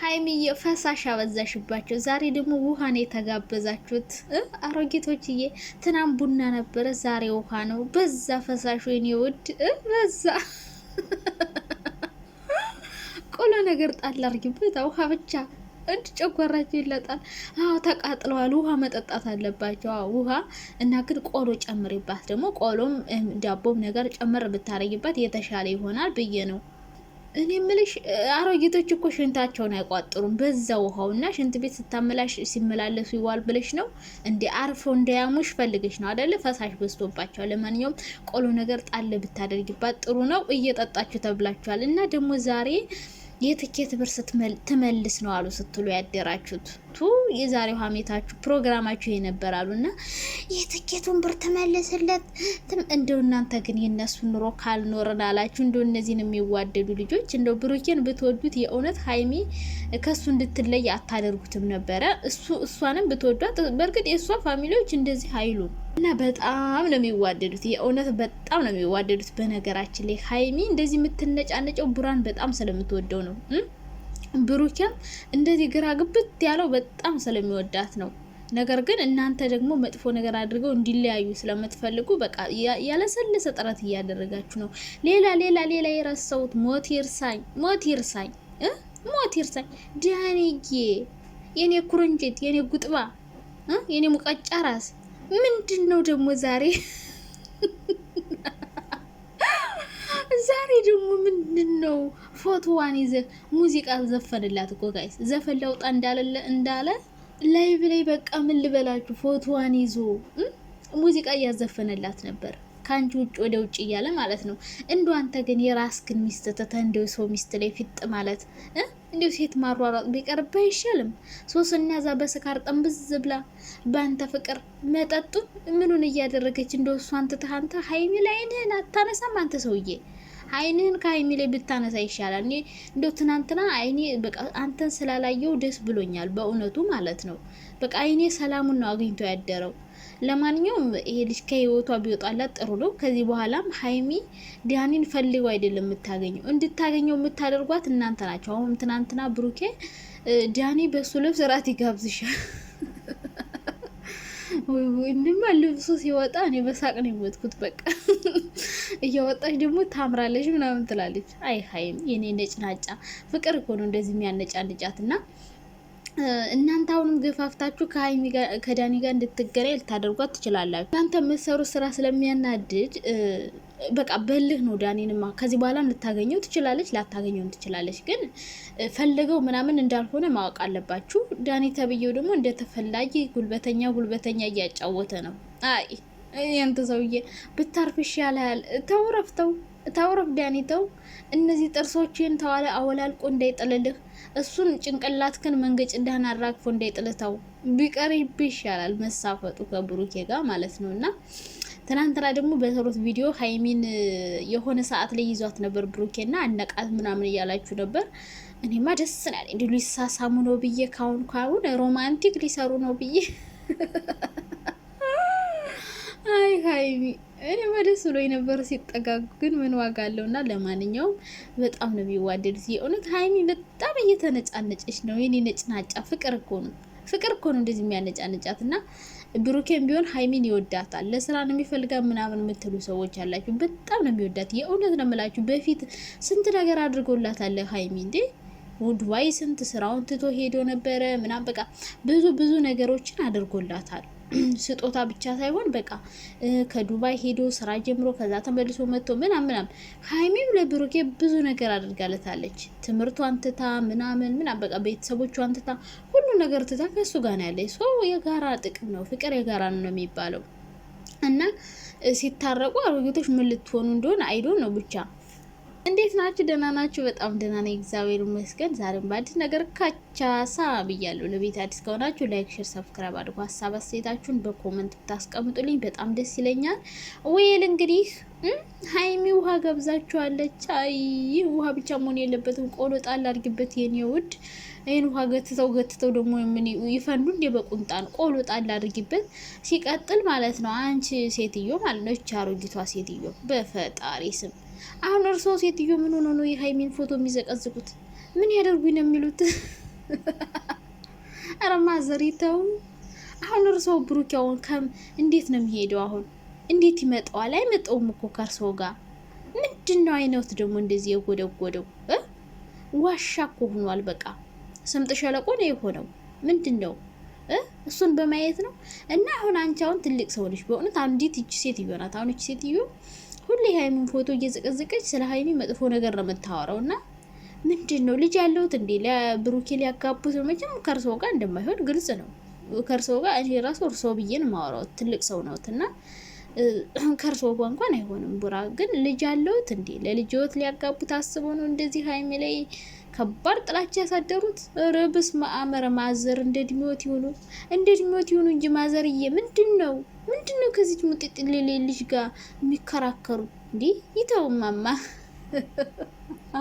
ሀይሚዬ ፈሳሽ አበዛሽባቸው። ዛሬ ደግሞ ውሃ ነው የተጋበዛችሁት አሮጌቶችዬ። ትናም ቡና ነበረ፣ ዛሬ ውሃ ነው። በዛ ፈሳሽ የኔ ውድ በዛ። ቆሎ ነገር ጣል አድርጊበት፣ ውሃ ብቻ እንድ ጨጓራቸው ይለጣል። አዎ ተቃጥለዋል። ውሃ መጠጣት አለባቸው። ውሃ እና ግን ቆሎ ጨምሪባት ደግሞ ቆሎም ዳቦም ነገር ጨምር ብታረጊባት የተሻለ ይሆናል ብዬ ነው እኔ ምልሽ አሮጊቶች እኮ ሽንታቸውን አይቋጥሩም በዛ ውሃውና ሽንት ቤት ስታመላሽ ሲመላለሱ ይዋል ብለሽ ነው እንዲ አርፎ እንዳያሙሽ ፈልገሽ ነው አደለ? ፈሳሽ በዝቶባቸው። ለማንኛውም ቆሎ ነገር ጣለ ብታደርጊባት ጥሩ ነው። እየጠጣችሁ ተብላችኋል። እና ደግሞ ዛሬ የትኬት ብር ስትመልስ ነው አሉ ስትሉ ያደራችሁት ሁለቱ የዛሬው ሀሜታችሁ ፕሮግራማችሁ ይሄ ነበር የትኬቱን ብር ተመልስለት። እንደው እናንተ ግን የነሱ ኑሮ ካልኖርን አላችሁ። እንደው እነዚህን የሚዋደዱ ልጆች እንደው ብሩኬን ብትወዱት የእውነት ሀይሚ ከሱ እንድትለይ አታደርጉትም ነበረ። እሱ እሷንም ብትወዷት በእርግጥ የእሷ ፋሚሊዎች እንደዚህ አይሉ እና በጣም ነው የሚዋደዱት። የእውነት በጣም ነው የሚዋደዱት። በነገራችን ላይ ሀይሚ እንደዚህ የምትነጫነጨው ቡራን በጣም ስለምትወደው ነው። ብሩኬም እንደዚህ ግራ ግብት ያለው በጣም ስለሚወዳት ነው። ነገር ግን እናንተ ደግሞ መጥፎ ነገር አድርገው እንዲለያዩ ስለምትፈልጉ በቃ ያለሰለሰ ጥረት እያደረጋችሁ ነው። ሌላ ሌላ ሌላ የረሳሁት ሞት ይርሳኝ፣ ሞት ይርሳኝ፣ ሞት ይርሳኝ። ዳንዬ የኔ ኩርንጅት፣ የኔ ጉጥባ፣ የኔ ሙቀጫ ራስ ምንድን ነው ደግሞ ዛሬ ዛሬ ደግሞ ምንድን ነው ፎቶዋን ይዘህ ሙዚቃ ዘፈንላት እኮ ጋይስ፣ ዘፈን ለውጣ እንዳለ እንዳለ ላይቭ ላይ በቃ ምን ልበላችሁ፣ ፎቶዋን ይዞ ሙዚቃ እያዘፈነላት ነበር። ከአንቺ ውጭ ወደ ውጭ እያለ ማለት ነው። እንዶ አንተ ግን የራስክን ሚስት ትተህ እንደ ሰው ሚስት ላይ ፊጥ ማለት እንዲሁ ሴት ማሯሯጥ ቢቀርብህ አይሻልም? ሶስና እዛ በስካር ጠንብዝ ብላ በአንተ ፍቅር መጠጡ ምኑን እያደረገች እንደ እሱ አንትተህ አንተ ሀይሚ ላይ አይንህን አታነሳም? አንተ ሰውዬ አይንህን ከሀይሚ ላይ ብታነሳ ይሻላል። እኔ እንደ ትናንትና አይኔ በቃ አንተን ስላላየው ደስ ብሎኛል፣ በእውነቱ ማለት ነው። በቃ አይኔ ሰላሙን ነው አግኝቶ ያደረው። ለማንኛውም ይሄ ልጅ ከህይወቷ ቢወጣላት ጥሩ ነው። ከዚህ በኋላም ሀይሚ ዲያኒን ፈልገው አይደለም የምታገኘው፣ እንድታገኘው የምታደርጓት እናንተ ናቸው። አሁን ትናንትና ብሩኬ ዲያኒ በእሱ ልብስ እራት ይጋብዝሻል እንድማ ልብሱ ሲወጣ እኔ በሳቅ ነው የሞትኩት። በቃ እያወጣች ደግሞ ታምራለች ምናምን ትላለች። አይ ሀይም የኔ ነጭናጫ ፍቅር እኮ ነው እንደዚህ የሚያነጫንጫት እና እናንተ አሁንም ገፋፍታችሁ ከሀይሚ ከዳኒ ጋር እንድትገናኝ ልታደርጓት ትችላላችሁ። እናንተ የምትሰሩ ስራ ስለሚያናድድ በቃ በልህ ነው። ዳኒንማ ከዚህ በኋላም ልታገኘው ትችላለች፣ ላታገኘውም ትችላለች። ግን ፈልገው ምናምን እንዳልሆነ ማወቅ አለባችሁ። ዳኒ ተብዬው ደግሞ እንደ ተፈላጊ ጉልበተኛ ጉልበተኛ እያጫወተ ነው። አይ ያንተ ሰውዬ ብታርፍ ይሻልሃል። ተው ረፍተው ታውረብ ዳኒተው እነዚህ ጥርሶችን ተዋለ አወላልቆ እንዳይጥልልህ፣ እሱን ጭንቅላትክን መንገጭ እንዳህን አራግፎ እንዳይጥልህ ተው። ቢቀርብህ ይሻላል መሳፈጡ ከብሩኬ ጋር ማለት ነው እና ትናንትና ደግሞ በሰሩት ቪዲዮ ሀይሚን የሆነ ሰዓት ላይ ይዟት ነበር ብሩኬና አነቃት ምናምን እያላችሁ ነበር። እኔማ ደስ ናል እንዲ ሊሳሳሙ ነው ብዬ ካሁን ካሁን ሮማንቲክ ሊሰሩ ነው ብዬ አይ ሀይሚ እኔ ደስ ብሎ የነበረ ሲጠጋጉ፣ ግን ምን ዋጋ አለው እና ለማንኛውም በጣም ነው ዚ የእውነት ሀይሚ በጣም እየተነጫነጨች ነው። የኔ ነጭናጫ ፍቅር እኮ ነው ፍቅር እኮ ነው እንደዚህ የሚያነጫነጫት እና ብሩኬን ቢሆን ሀይሚን ይወዳታል። ለስራ ነው የሚፈልጋ ምናምን የምትሉ ሰዎች ያላችሁ በጣም ነው የሚወዳት። የእውነት ነው የምላችሁ። በፊት ስንት ነገር አድርጎላታል ሀይሚ እንዴ ውድዋይ ስንት ስራውን ትቶ ሄዶ ነበረ ምናም በቃ ብዙ ብዙ ነገሮችን አድርጎላታል። ስጦታ ብቻ ሳይሆን በቃ ከዱባይ ሄዶ ስራ ጀምሮ ከዛ ተመልሶ መጥቶ ምናምን ምናምን ሀይሚም ለብሩኬ ብዙ ነገር አድርጋለታለች። ትምህርቷን ትታ ምናምን ምናምን በቃ ቤተሰቦቿን ትታ ሁሉ ነገር ትታ ከሱ ጋር ነው ያለች። ሰው የጋራ ጥቅም ነው፣ ፍቅር የጋራ ነው የሚባለው እና ሲታረቁ አሮጌቶች ምን ልትሆኑ እንደሆነ አይዶ ነው ብቻ እንዴት ናችሁ? ደህና ናችሁ? በጣም ደህና ነኝ፣ እግዚአብሔር ይመስገን። ዛሬም በአዲስ ነገር ካቻሳ ብያለሁ። ለቤት አዲስ ከሆናችሁ ላይክ፣ ሼር፣ ሰብስክራይብ አድርጎ ሀሳብ አስተያየታችሁን በኮመንት ብታስቀምጡልኝ በጣም ደስ ይለኛል። ወይል እንግዲህ ሀይሚ ውሃ ገብዛችኋለች። አይ ውሃ ብቻ መሆን የለበትም፣ ቆሎ ጣል አድርግበት የኔ ውድ። ይህን ውሃ ገትተው ገትተው ደግሞ ምን ይፈንዱ እንዴ? በቁንጣን ቆሎ ጣል አድርግበት ሲቀጥል ማለት ነው አንቺ ሴትዮ ማለት ነው፣ ይቻ አሮጊቷ ሴትዮ በፈጣሪ ስም አሁን እርሶ ሴትዮ ምን ሆኖ ነው የሀይሚን ፎቶ የሚዘቀዝቁት? ምን ያደርጉኝ ነው የሚሉት? ኧረ ማዘሪታውን አሁን እርሶ ብሩክ ያውን ከም እንዴት ነው የሚሄደው? አሁን እንዴት ይመጣዋል? አይመጣውም እኮ ከእርስዎ ጋር ምንድን ነው አይነት ደግሞ እንደዚህ የጎደጎደው ዋሻ እኮ ሆኗል። በቃ ስምጥ ሸለቆ ነው የሆነው። ምንድን ነው እሱን በማየት ነው። እና አሁን አንቺ አሁን ትልቅ ሰው ነች በእውነት አንዲት እቺ ሴትዮ ናት። አሁን እቺ ሴትዮ ሁሌ ሀይሚን ፎቶ እየዘቀዘቀች ስለ ሀይሚ መጥፎ ነገር ነው የምታወራው። እና ምንድን ነው ልጅ ያለሁት እንዴ ለብሩኬ ሊያጋቡት ነው? መቼም ከእርሶ ጋር እንደማይሆን ግልጽ ነው። ከእርሶ ጋር እኔ ራሱ እርሶ ብዬን ማወራው ትልቅ ሰው ነውት እና ከእርሶ ጋ እንኳን አይሆንም። ቡራ ግን ልጅ ያለሁት እንዴ ለልጅዎት ሊያጋቡት አስቦ ነው እንደዚህ ሀይሚ ላይ ከባድ ጥላቻ ያሳደሩት ርብስ ማዕመር ማዘር እንደ ድሚወት ይሆኑ እንደ ድሚወት ይሆኑ እንጂ ማዘርዬ፣ ምንድን ነው ምንድን ነው ከዚች ሙጢጥ ሌሌ ልጅ ጋር የሚከራከሩ እንዴ? ይተው ማማ።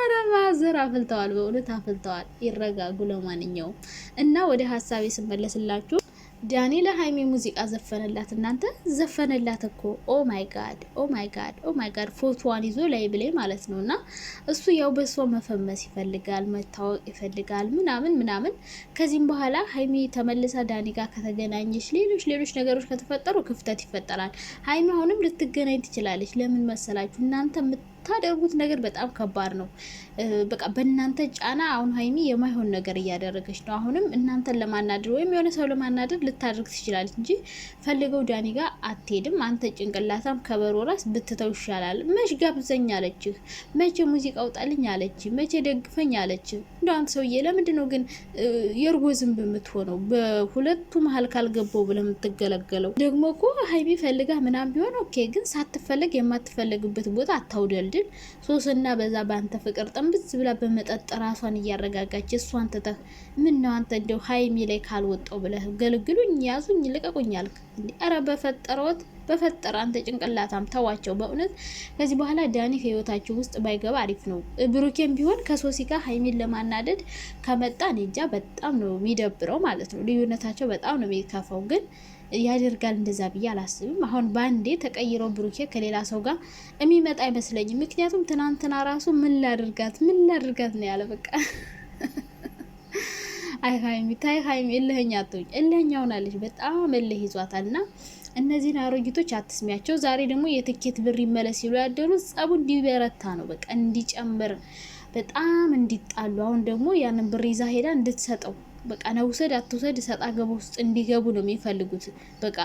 አረ ማዘር አፍልተዋል፣ በእውነት አፍልተዋል። ይረጋጉ። ለማንኛውም እና ወደ ሀሳቤ ስመለስላችሁ ዳኒ ለሀይሚ ሙዚቃ ዘፈነላት። እናንተ ዘፈነላት እኮ ኦ ማይ ጋድ ኦ ማይ ጋድ ኦ ማይ ጋድ። ፎቶዋን ይዞ ላይ ብላይ ማለት ነው። እና እሱ ያው በሷ መፈመስ ይፈልጋል፣ መታወቅ ይፈልጋል ምናምን ምናምን። ከዚህም በኋላ ሀይሚ ተመልሳ ዳኒ ጋር ከተገናኘች ሌሎች ሌሎች ነገሮች ከተፈጠሩ ክፍተት ይፈጠራል። ሀይሚ አሁንም ልትገናኝ ትችላለች። ለምን መሰላችሁ እናንተ የምታደርጉት ነገር በጣም ከባድ ነው። በቃ በእናንተ ጫና አሁን ሀይሚ የማይሆን ነገር እያደረገች ነው። አሁንም እናንተን ለማናደር ወይም የሆነ ሰው ለማናደር ልታደርግ ትችላለች እንጂ ፈልገው ዳኒ ጋር አትሄድም። አንተ ጭንቅላታም ከበሮ ራስ ብትተው ይሻላል። መች ጋብዘኝ አለችህ? መቼ ሙዚቃ ውጣልኝ አለች? መቼ ደግፈኝ አለች? እንደ አንተ ሰውዬ ለምንድን ነው ግን የእርጎ ዝንብ የምትሆነው? በሁለቱ መሀል ካልገባው ብለህ የምትገለገለው ደግሞ እኮ ሀይሚ ፈልጋ ምናም ቢሆን ኦኬ፣ ግን ሳትፈለግ የማትፈለግበት ቦታ አታውደል እንድል ሶስና በዛ በአንተ ፍቅር ጥንብዝ ብላ በመጠጥ ራሷን እያረጋጋች እሷን ትተህ ምን ነው አንተ እንደው ሀይሚ ላይ ካልወጣው ብለህ ገልግሉኝ፣ ያዙኝ፣ ልቀቁኝ አልክ። አረ በፈጠረዎት በፈጠረ አንተ ጭንቅላታም ተዋቸው። በእውነት ከዚህ በኋላ ዳኒ ከህይወታችሁ ውስጥ ባይገባ አሪፍ ነው። ብሩኬም ቢሆን ከሶሲ ጋር ሀይሚን ለማናደድ ከመጣ ኔጃ በጣም ነው የሚደብረው ማለት ነው። ልዩነታቸው በጣም ነው የሚከፋው፣ ግን ያደርጋል እንደዛ ብዬ አላስብም። አሁን በአንዴ ተቀይረው ብሩኬ ከሌላ ሰው ጋር የሚመጣ አይመስለኝም። ምክንያቱም ትናንትና ራሱ ምን ላድርጋት ምን ላድርጋት ነው ያለ በቃ አይ ሀይሚ ታይ ሀይሚ እልህኛ አትሁኝ እልህኛ ሆናለች። በጣም እልህ ይዟታል እና እነዚህን አሮጊቶች አትስሚያቸው። ዛሬ ደግሞ የትኬት ብር ይመለስ ሲሉ ያደሩት ጸቡ እንዲበረታ ነው። በቃ እንዲጨምር በጣም እንዲጣሉ። አሁን ደግሞ ያንን ብር ይዛ ሄዳ እንድትሰጠው በቃ ነውሰድ አትውሰድ ሰጣ ገባ ውስጥ እንዲገቡ ነው የሚፈልጉት በቃ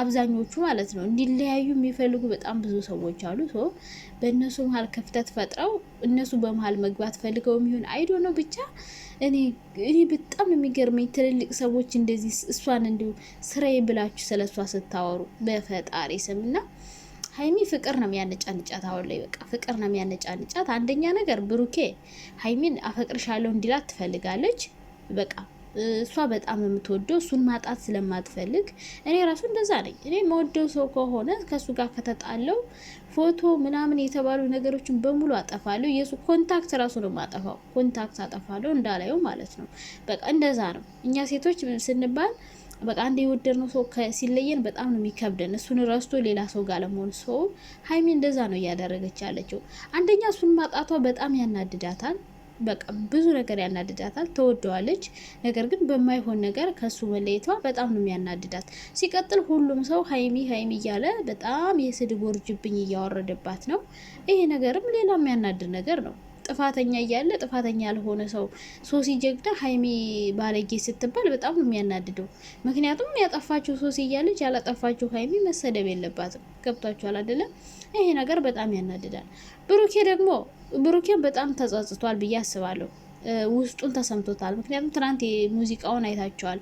አብዛኞቹ ማለት ነው እንዲለያዩ የሚፈልጉ በጣም ብዙ ሰዎች አሉ። በእነሱ መሀል ክፍተት ፈጥረው እነሱ በመሀል መግባት ፈልገው የሚሆን አይዶ ነው ብቻ እኔ በጣም የሚገርመኝ ትልልቅ ሰዎች እንደዚህ እሷን እንዲሁ ስራዬ ብላችሁ ስለ እሷ ስታወሩ በፈጣሪ ስምና ሀይሚ ፍቅር ነው የሚያነጫንጫት። አሁን ላይ በቃ ፍቅር ነው የሚያነጫንጫት። አንደኛ ነገር ብሩኬ ሀይሚን አፈቅርሻለሁ እንዲላት ትፈልጋለች በቃ እሷ በጣም የምትወደው እሱን ማጣት ስለማትፈልግ፣ እኔ ራሱ እንደዛ ነኝ። እኔ መወደው ሰው ከሆነ ከእሱ ጋር ከተጣለው ፎቶ ምናምን የተባሉ ነገሮችን በሙሉ አጠፋለሁ። የሱ ኮንታክት ራሱ ነው ማጠፋው። ኮንታክት አጠፋለሁ እንዳላየው ማለት ነው። በቃ እንደዛ ነው። እኛ ሴቶች ስንባል በቃ አንድ የወደድነው ሰው ሲለየን በጣም ነው የሚከብደን። እሱን ረስቶ ሌላ ሰው ጋር ለመሆን ሰው ሀይሚ እንደዛ ነው እያደረገች ያለችው። አንደኛ እሱን ማጣቷ በጣም ያናድዳታል። በቃ ብዙ ነገር ያናድዳታል። ተወደዋለች። ነገር ግን በማይሆን ነገር ከሱ መለየቷ በጣም ነው የሚያናድዳት። ሲቀጥል ሁሉም ሰው ሀይሚ ሀይሚ እያለ በጣም የስድብ ውርጅብኝ እያወረደባት ነው። ይሄ ነገርም ሌላ የሚያናድድ ነገር ነው። ጥፋተኛ እያለ ጥፋተኛ ያልሆነ ሰው ሶሲ ጀግዳ ሀይሚ ባለጌ ስትባል በጣም ነው የሚያናድደው። ምክንያቱም ያጠፋችው ሶሲ እያለች ያላጠፋችው ሀይሚ መሰደብ የለባትም። ገብቷችኋል አይደለም? ይሄ ነገር በጣም ያናድዳል። ብሩኬ ደግሞ ብሩኬ በጣም ተጸጽቷል ብዬ አስባለሁ። ውስጡን ተሰምቶታል። ምክንያቱም ትናንት ሙዚቃውን አይታቸዋል።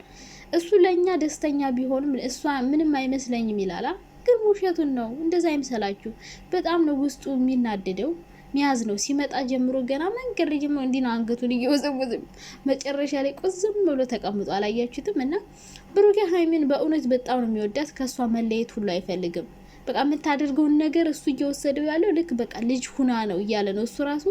እሱ ለእኛ ደስተኛ ቢሆንም እሷ ምንም አይመስለኝም ይላላ። ግን ውሸቱን ነው። እንደዛ አይምሰላችሁ። በጣም ነው ውስጡ የሚናደደው ሚያዝ ነው ሲመጣ ጀምሮ ገና መንገድ ላይ ጀምሮ እንዲህ ነው አንገቱን እየወዘወዘ መጨረሻ ላይ ቁዝም ብሎ ተቀምጦ አላያችሁትም? እና ብሩኬ ሀይሚን በእውነት በጣም ነው የሚወዳት። ከእሷ መለየት ሁሉ አይፈልግም። በቃ የምታደርገውን ነገር እሱ እየወሰደው ያለው ልክ በቃ ልጅ ሁና ነው እያለ ነው። እሱ ራሱ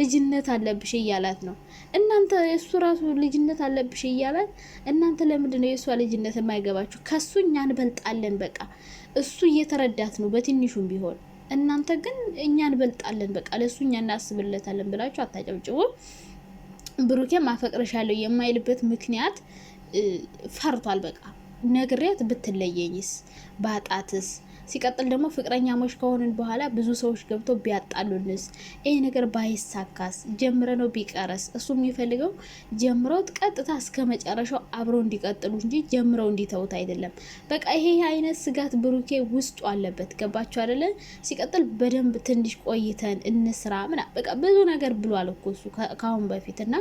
ልጅነት አለብሽ እያላት ነው። እናንተ እሱ ራሱ ልጅነት አለብሽ እያላት እናንተ ለምንድን ነው የእሷ ልጅነት የማይገባችሁ? ከሱ እኛ እንበልጣለን። በቃ እሱ እየተረዳት ነው በትንሹም ቢሆን እናንተ ግን እኛ እንበልጣለን፣ በቃ ለእሱ እኛ እናስብለታለን ብላችሁ አታጨብጭቡ። ብሩኬም ያለው የማይልበት ምክንያት ፈርቷል። በቃ ነግሬያት ብትለየኝስ ባጣትስ ሲቀጥል ደግሞ ፍቅረኛሞች ከሆንን በኋላ ብዙ ሰዎች ገብቶ ቢያጣሉንስ? ይህ ነገር ባይሳካስ? ጀምረ ነው ቢቀረስ? እሱ የሚፈልገው ጀምረውት ቀጥታ እስከ መጨረሻው አብረው እንዲቀጥሉ እንጂ ጀምረው እንዲተውት አይደለም። በቃ ይሄ አይነት ስጋት ብሩኬ ውስጡ አለበት። ገባቸው አይደለን? ሲቀጥል በደንብ ትንሽ ቆይተን እንስራ ምና በቃ ብዙ ነገር ብሏል እኮ እሱ ከአሁን በፊት እና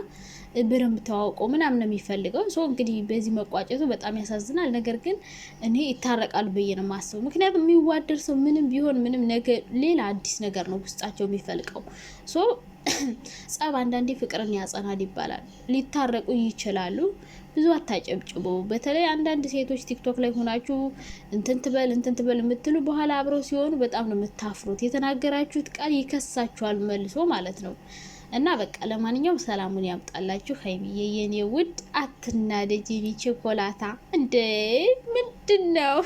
በደንብ ተዋውቆ ምናምን ነው የሚፈልገው ሰው። እንግዲህ በዚህ መቋጨቱ በጣም ያሳዝናል። ነገር ግን እኔ ይታረቃሉ ብዬ ነው ማስበው ምክንያቱም የሚዋደድ ሰው ምንም ቢሆን ምንም ነገር ሌላ አዲስ ነገር ነው ውስጣቸው የሚፈልቀው። ሶ ጸብ አንዳንዴ ፍቅርን ያጸናል ይባላል። ሊታረቁ ይችላሉ። ብዙ አታጨብጭቡ። በተለይ አንዳንድ ሴቶች ቲክቶክ ላይ ሆናችሁ እንትን ትበል እንትን ትበል የምትሉ በኋላ አብረው ሲሆኑ በጣም ነው የምታፍሩት። የተናገራችሁት ቃል ይከሳችኋል መልሶ ማለት ነው። እና በቃ ለማንኛውም ሰላሙን ያምጣላችሁ። ሀይሚዬ የኔ ውድ አትናደጅ፣ ቸኮላታ እንዴ ምንድን ነው?